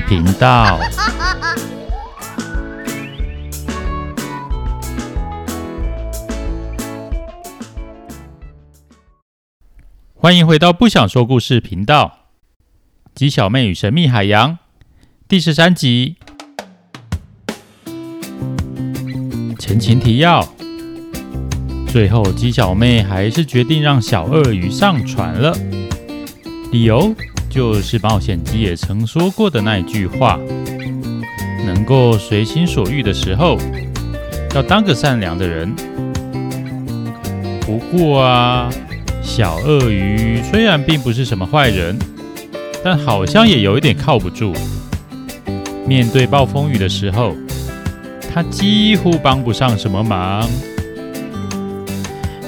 頻道，歡迎回到不想說故事頻道，《雞小妹與神秘海洋》第十三集，前情提要。最後，雞小妹還是決定讓小鱷魚上船了，理由，就是冒險雞也曾說過的那一句話：能夠隨心所欲的時候，要當個善良的人。不過啊，小鱷魚雖然並不是什麼壞人，但好像也有一點靠不住。面對暴風雨的時候，他幾乎幫不上什麼忙。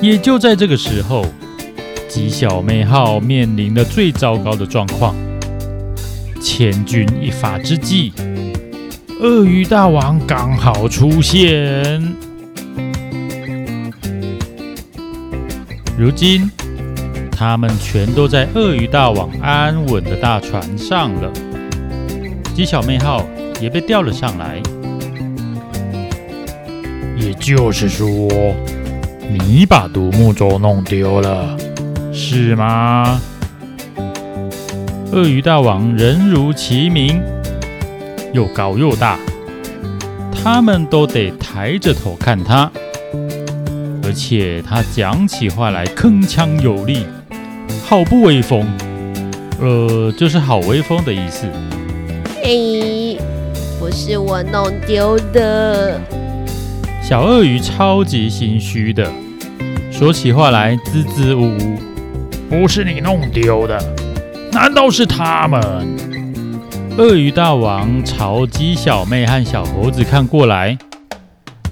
也就在這個時候。雞小妹號面臨的最糟糕的狀況，千鈞一髮之際，鱷魚大王剛好出現。如今，他們全都在鱷魚大王安穩的大船上了，雞小妹號也被吊了上來。也就是說，你把獨木舟弄丟了。是嗎？鱷魚大王人如其名，又高又大，他們都得抬着頭看他，而且他講起話來鏗鏘有力，好不威風。呃，就是好威風的意思。哎，不是我弄丟的。小鱷魚超級心虛的，說起話來支支吾吾。不是你弄丟的，難道是他們？鱷魚大王朝雞小妹和小猴子看過來，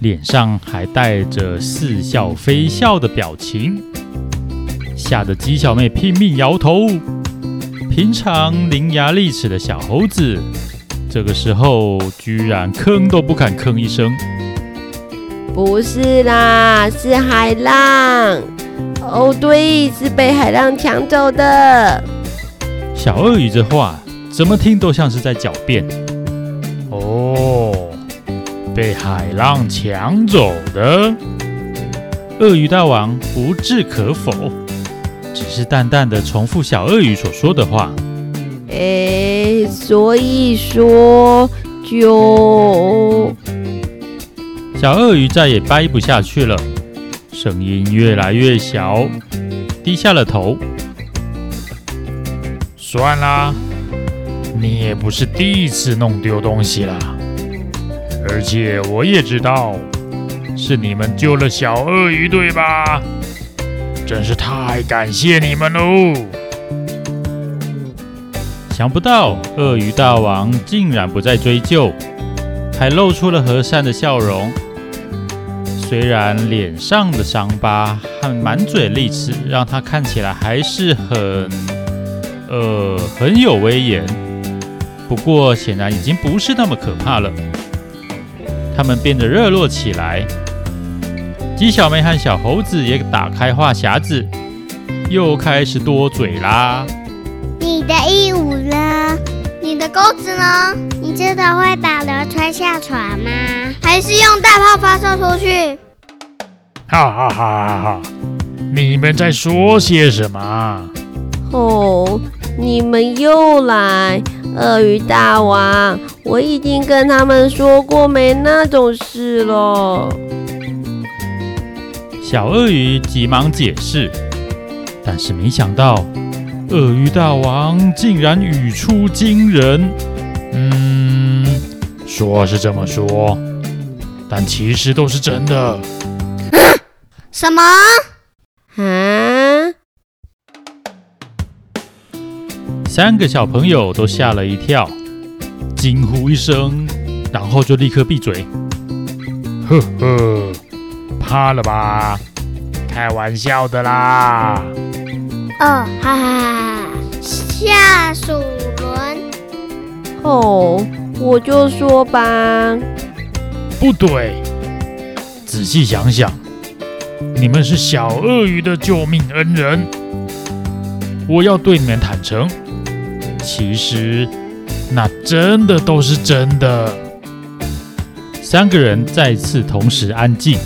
臉上還帶着似笑非笑的表情，嚇得雞小妹拼命搖頭。平常伶牙俐齒的小猴子，這個時候居然吭都不敢吭一聲。不是啦，是海浪。哦，對，是被海浪搶走的。小鱷魚這話怎麼聽都像是在狡辯。哦，被海浪搶走的。鱷魚大王不置可否，只是淡淡的重複小鱷魚所說的話。哎，所以說就……小鱷魚再也掰不下去了。聲音越來越小，低下了頭。算啦，你也不是第一次弄丟東西了。而且我也知道，是你們救了小鱷魚，對吧？真是太感謝你們嘍！想不到鱷魚大王竟然不再追究，還露出了和善的笑容。雖然臉上的傷疤和滿嘴利齒讓他看起來還是很，呃，很有威嚴，不過顯然已經不是那麼可怕了。他們變得熱絡起來，雞小妹和小猴子也打開話匣子，又開始多嘴啦。你的義務呢？你的鈎子呢？真的會把人推下船嗎？還是用大炮發射出去？哈哈哈！哈哈！你們在說些什麼？哦，你們又來！鱷魚大王，我已經跟他們說過沒那種事了。小鱷魚急忙解釋，但是沒想到鱷魚大王竟然語出驚人。嗯，說是這麼說，但其實都是真的。啊、什麼？嗯、啊，三個小朋友都嚇了一跳，驚呼一聲，然後就立刻閉嘴。呵呵，怕了吧？開玩笑的啦。哦，哈哈，嚇死我！哦，我就說吧，不對，仔細想想，你們是小鱷魚的救命恩人，我要對你們坦誠，其實那真的都是真的。三個人再次同時安靜，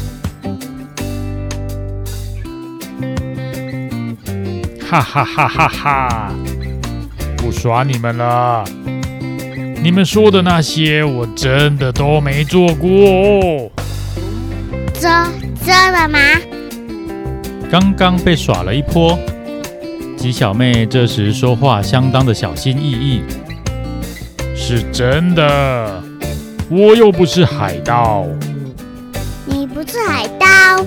哈哈哈哈哈哈，不耍你們了。你們說的那些，我真的都沒做過。做做了嗎？剛剛被耍了一波。雞小妹這時說話相當的小心翼翼。是真的，我又不是海盜。你不是海盜，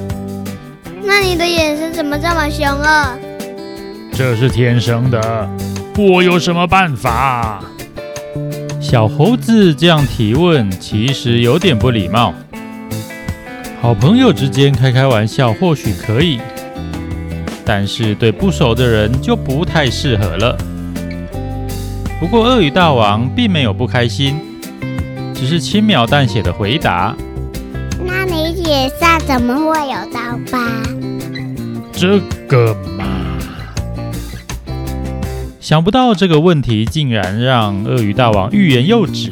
那你的眼神怎麼這麼兇惡？這是天生的，我有什麼辦法？小猴子這樣提問，其實有點不禮貌。好朋友之間開開玩笑或許可以，但是對不熟的人就不太適合了。不過鱷魚大王並沒有不開心，只是輕描淡寫的回答：“那你臉上怎麼會有刀疤？”這個。想不到這個問題竟然讓鱷魚大王欲言又止。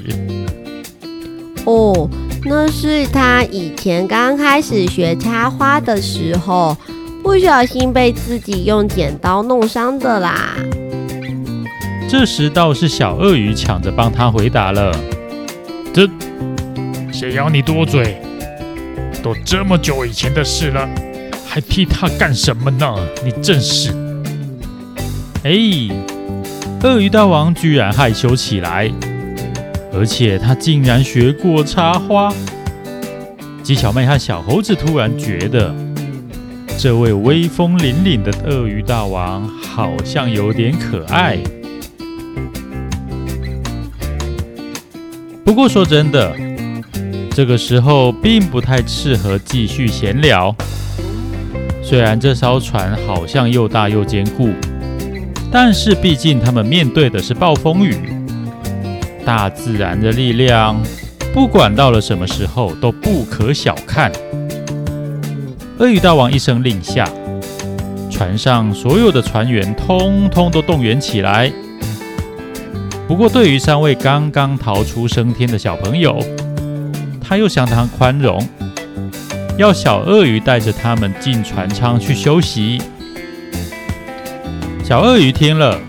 哦，那是他以前剛開始學插花的時候，不小心被自己用剪刀弄傷的啦。這時倒是小鱷魚搶着幫他回答了。這，誰要你多嘴？都這麼久以前的事了，還替他幹什麼呢？你真是。哎。鱷魚大王居然害羞起來，而且他竟然學過插花。雞小妹和小猴子突然覺得，這位威風凜凜的鱷魚大王好像有點可愛。不過說真的，這個時候並不太適合繼續閒聊。雖然這艘船好像又大又堅固。但是，畢竟他們面對的是暴風雨，大自然的力量，不管到了什麼時候都不可小看。鱷魚大王一聲令下，船上所有的船員通通都動員起來。不過，對於三位剛剛逃出生天的小朋友，他又相當寬容，要小鱷魚帶着他們進船艙去休息。小鱷魚聽了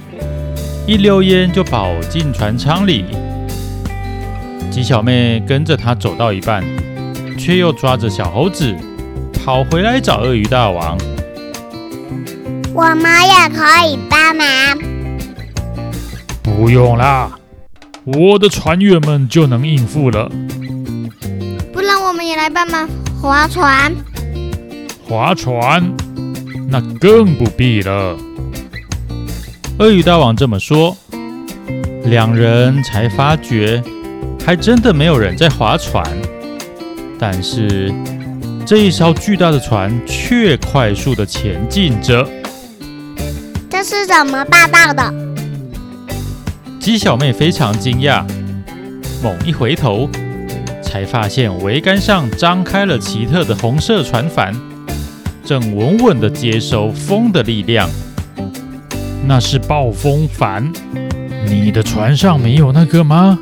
一溜煙就跑進船艙裡，雞小妹跟着他走到一半，卻又抓着小猴子跑回來找鱷魚大王。我們也可以幫忙。不用啦，我的船員們就能應付了。不然我們也來幫忙划船。划船？那更不必了。鱷魚大王這麼說，兩人才發覺，還真的沒有人在划船。但是這一艘巨大的船卻快速的前進着，這是怎麼辦到的？雞小妹非常驚訝，猛一回頭，才發現桅杆上張開了奇特的紅色船帆，正穩穩的接收風的力量。那是暴風帆，你的船上沒有那個嗎？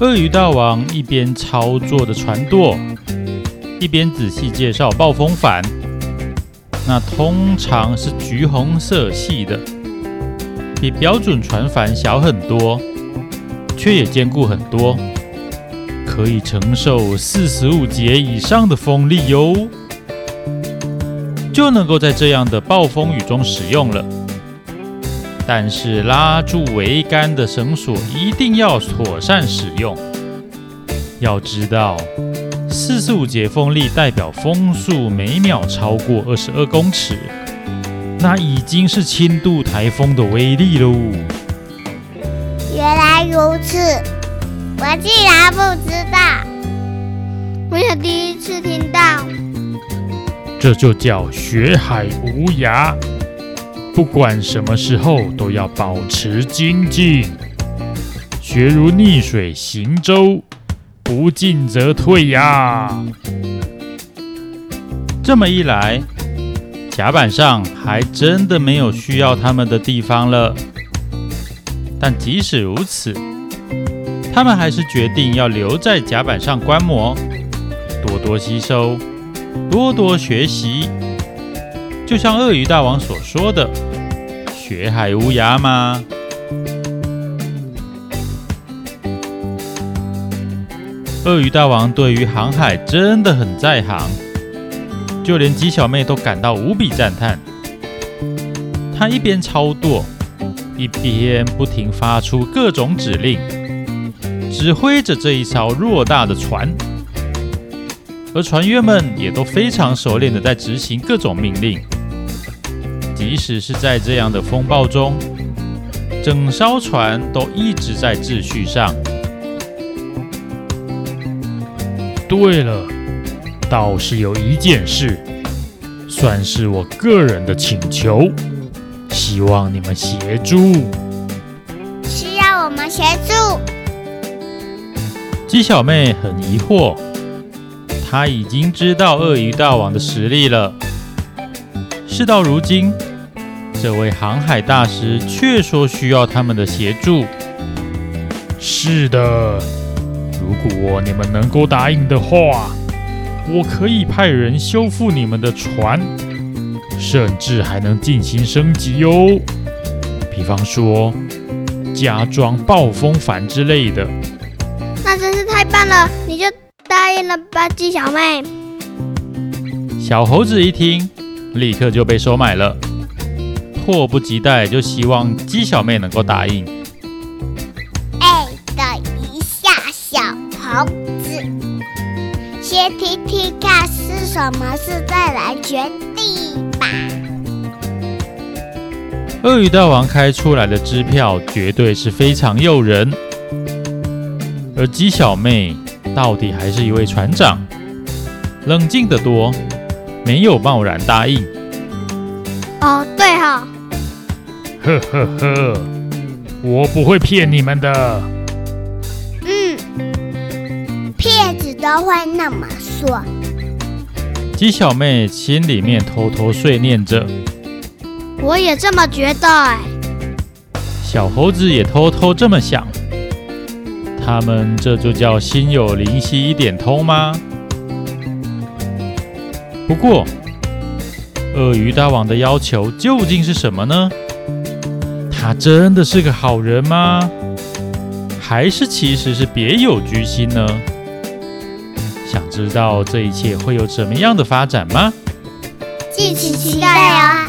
鱷魚大王一邊操作着船舵，一邊仔細介紹暴風帆。那通常是橘紅色系的，比標準船帆小很多，卻也堅固很多，可以承受四十五節以上的風力喲。就能夠在這樣的暴風雨中使用了，但是拉住桅杆的繩索一定要妥善使用。要知道，四十五節風力代表風速每秒超過二十二公尺，那已經是輕度台風的威力嘍。原來如此，我竟然不知道，我也第一次聽到。這就叫學海無涯，不管什麼時候都要保持精進。學如逆水行舟，不進則退呀。這麼一來，甲板上還真的沒有需要他們的地方了。但即使如此，他們還是決定要留在甲板上觀摩，多多吸收。多多學習，就像鱷魚大王所說的：“學海無涯嘛。”鱷魚大王對於航海真的很在行，就連雞小妹都感到無比讚嘆。他一邊操作，一邊不停發出各種指令，指揮着這一艘偌大的船。而船員們也都非常熟練地在執行各種命令，即使是在這樣的風暴中，整艘船都一直在秩序上。對了，倒是有一件事，算是我個人的請求，希望你們協助。需要我們協助？雞小妹很疑惑。他已經知道鱷魚大王的實力了。事到如今，這位航海大師卻說需要他們的協助。是的，如果你們能夠答應的話，我可以派人修復你們的船，甚至還能進行升級喲、哦，比方說加裝暴風帆之類的。那真是太棒了！你就。答應了吧，雞小妹。小猴子一聽，立刻就被收買了，迫不及待就希望雞小妹能夠答應。哎，等一下，小猴子，先聽聽看是什麼事，再來決定吧。鱷魚大王開出來的支票絕對是非常誘人，而雞小妹。到底還是一位船長，冷靜得多，沒有貿然答應。哦，對哈、啊，呵呵呵，我不會騙你們的。嗯，騙子都會那麼說。雞小妹心裡面偷偷碎念着，我也這麼覺得哎。小猴子也偷偷這麼想。他們這就叫心有靈犀一點通嗎？不過，鱷魚大王的要求究竟是什麼呢？他真的是個好人嗎？還是其實是別有居心呢？想知道這一切會有怎麼樣的發展嗎？敬請期待哦、啊！